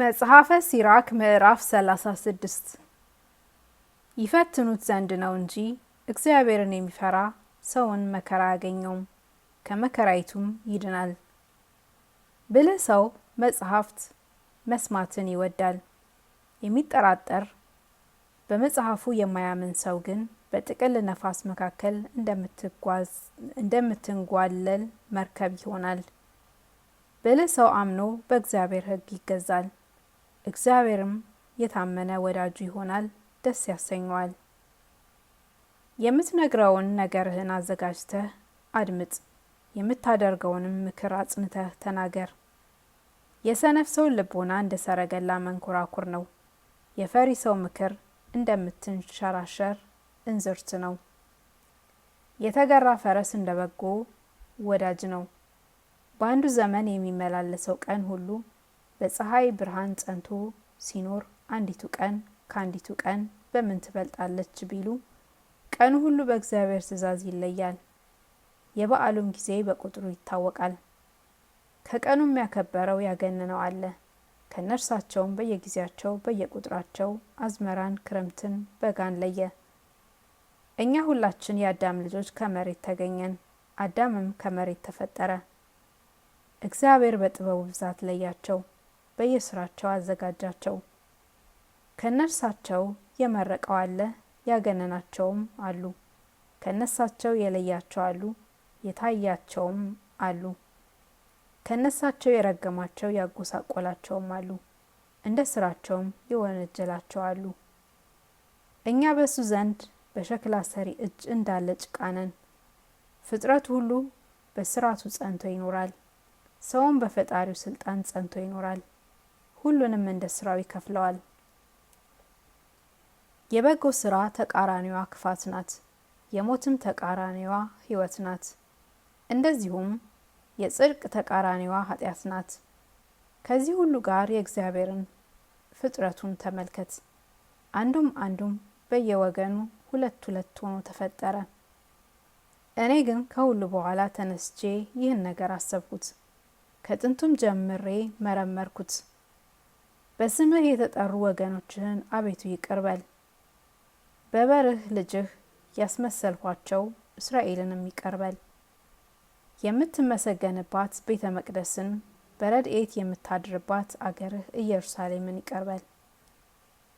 መጽሐፈ ሲራክ ምዕራፍ 36 ይፈትኑት ዘንድ ነው እንጂ እግዚአብሔርን የሚፈራ ሰውን መከራ አያገኘውም፣ ከመከራይቱም ይድናል። ብልህ ሰው መጽሐፍት መስማትን ይወዳል። የሚጠራጠር በመጽሐፉ የማያምን ሰው ግን በጥቅል ነፋስ መካከል እንደምትንጓለል መርከብ ይሆናል። ብልህ ሰው አምኖ በእግዚአብሔር ሕግ ይገዛል። እግዚአብሔርም የታመነ ወዳጁ ይሆናል፣ ደስ ያሰኘዋል። የምትነግረውን ነገርህን አዘጋጅተህ አድምጥ፣ የምታደርገውንም ምክር አጽንተህ ተናገር። የሰነፍ ሰው ልቦና እንደ ሰረገላ መንኮራኩር ነው፣ የፈሪ ሰው ምክር እንደምትንሸራሸር እንዝርት ነው። የተገራ ፈረስ እንደ በጎ ወዳጅ ነው፣ በአንዱ ዘመን የሚመላለሰው ቀን ሁሉ በፀሐይ ብርሃን ጸንቶ ሲኖር አንዲቱ ቀን ከአንዲቱ ቀን በምን ትበልጣለች ቢሉ ቀኑ ሁሉ በእግዚአብሔር ትእዛዝ ይለያል። የበዓሉም ጊዜ በቁጥሩ ይታወቃል። ከቀኑም ያከበረው ያገነነው አለ። ከነርሳቸውም በየጊዜያቸው በየቁጥራቸው አዝመራን፣ ክረምትን፣ በጋን ለየ። እኛ ሁላችን የአዳም ልጆች ከመሬት ተገኘን። አዳምም ከመሬት ተፈጠረ። እግዚአብሔር በጥበቡ ብዛት ለያቸው። በየስራቸው አዘጋጃቸው። ከነርሳቸው የመረቀው አለ፣ ያገነናቸውም አሉ። ከነሳቸው የለያቸው አሉ፣ የታያቸውም አሉ። ከነሳቸው የረገማቸው ያጎሳቆላቸውም አሉ፣ እንደ ስራቸውም የወነጀላቸው አሉ። እኛ በእሱ ዘንድ በሸክላ ሰሪ እጅ እንዳለ ጭቃ ነን። ፍጥረት ሁሉ በስርዓቱ ጸንቶ ይኖራል። ሰውም በፈጣሪው ስልጣን ጸንቶ ይኖራል። ሁሉንም እንደ ስራው ይከፍለዋል። የበጎ ስራ ተቃራኒዋ ክፋት ናት፣ የሞትም ተቃራኒዋ ህይወት ናት። እንደዚሁም የጽድቅ ተቃራኒዋ ኃጢአት ናት። ከዚህ ሁሉ ጋር የእግዚአብሔርን ፍጥረቱን ተመልከት። አንዱም አንዱም በየወገኑ ሁለት ሁለት ሆኖ ተፈጠረ። እኔ ግን ከሁሉ በኋላ ተነስቼ ይህን ነገር አሰብኩት፣ ከጥንቱም ጀምሬ መረመርኩት። በስምህ የተጠሩ ወገኖችህን አቤቱ ይቅርበል። በበርህ ልጅህ ያስመሰልኋቸው እስራኤልንም ይቅር የምትመሰገንባት ቤተ መቅደስን በረድኤት የምታድርባት አገርህ ኢየሩሳሌምን ይቀርበል።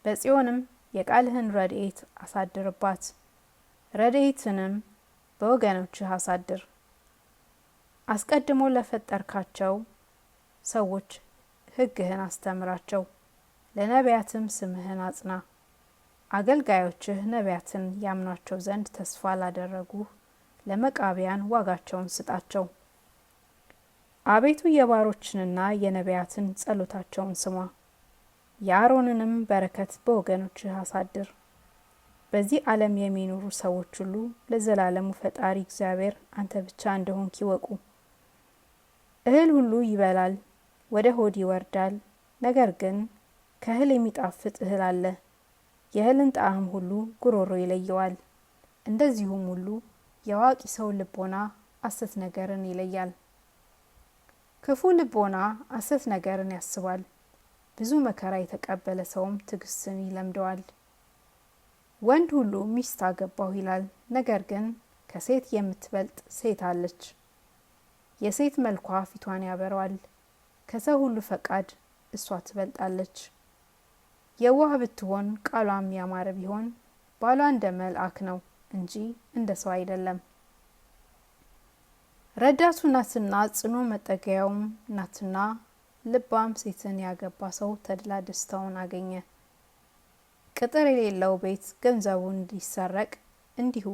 በጽዮንም የቃልህን ረድኤት አሳድርባት፣ ረድኤትንም በወገኖችህ አሳድር። አስቀድሞ ለፈጠርካቸው ሰዎች ሕግህን አስተምራቸው፣ ለነቢያትም ስምህን አጽና። አገልጋዮችህ ነቢያትን ያምኗቸው ዘንድ ተስፋ ላደረጉ ለመቃቢያን ዋጋቸውን ስጣቸው። አቤቱ የባሮችንና የነቢያትን ጸሎታቸውን ስማ፣ የአሮንንም በረከት በወገኖችህ አሳድር። በዚህ ዓለም የሚኖሩ ሰዎች ሁሉ ለዘላለሙ ፈጣሪ እግዚአብሔር አንተ ብቻ እንደሆንክ ይወቁ። እህል ሁሉ ይበላል ወደ ሆድ ይወርዳል። ነገር ግን ከእህል የሚጣፍጥ እህል አለ፣ የእህልን ጣዕም ሁሉ ጉሮሮ ይለየዋል። እንደዚሁም ሁሉ የአዋቂ ሰው ልቦና አሰት ነገርን ይለያል። ክፉ ልቦና አሰት ነገርን ያስባል። ብዙ መከራ የተቀበለ ሰውም ትዕግስትን ይለምደዋል። ወንድ ሁሉ ሚስት አገባሁ ይላል፣ ነገር ግን ከሴት የምትበልጥ ሴት አለች። የሴት መልኳ ፊቷን ያበረዋል። ከሰው ሁሉ ፈቃድ እሷ ትበልጣለች። የዋህ ብትሆን ቃሏም ያማረ ቢሆን ባሏ እንደ መልአክ ነው እንጂ እንደ ሰው አይደለም። ረዳቱ ናትና ጽኑ መጠገያውም ናትና፣ ልባም ሴትን ያገባ ሰው ተድላ ደስታውን አገኘ። ቅጥር የሌለው ቤት ገንዘቡ እንዲሰረቅ እንዲሁ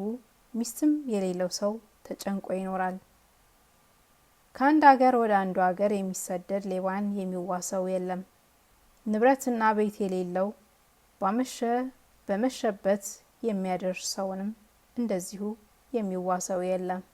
ሚስትም የሌለው ሰው ተጨንቆ ይኖራል። ከአንድ አገር ወደ አንዱ አገር የሚሰደድ ሌባን የሚዋሰው የለም። ንብረትና ቤት የሌለው ባመሸ በመሸበት ሰውንም እንደዚሁ የሚዋሰው የለም።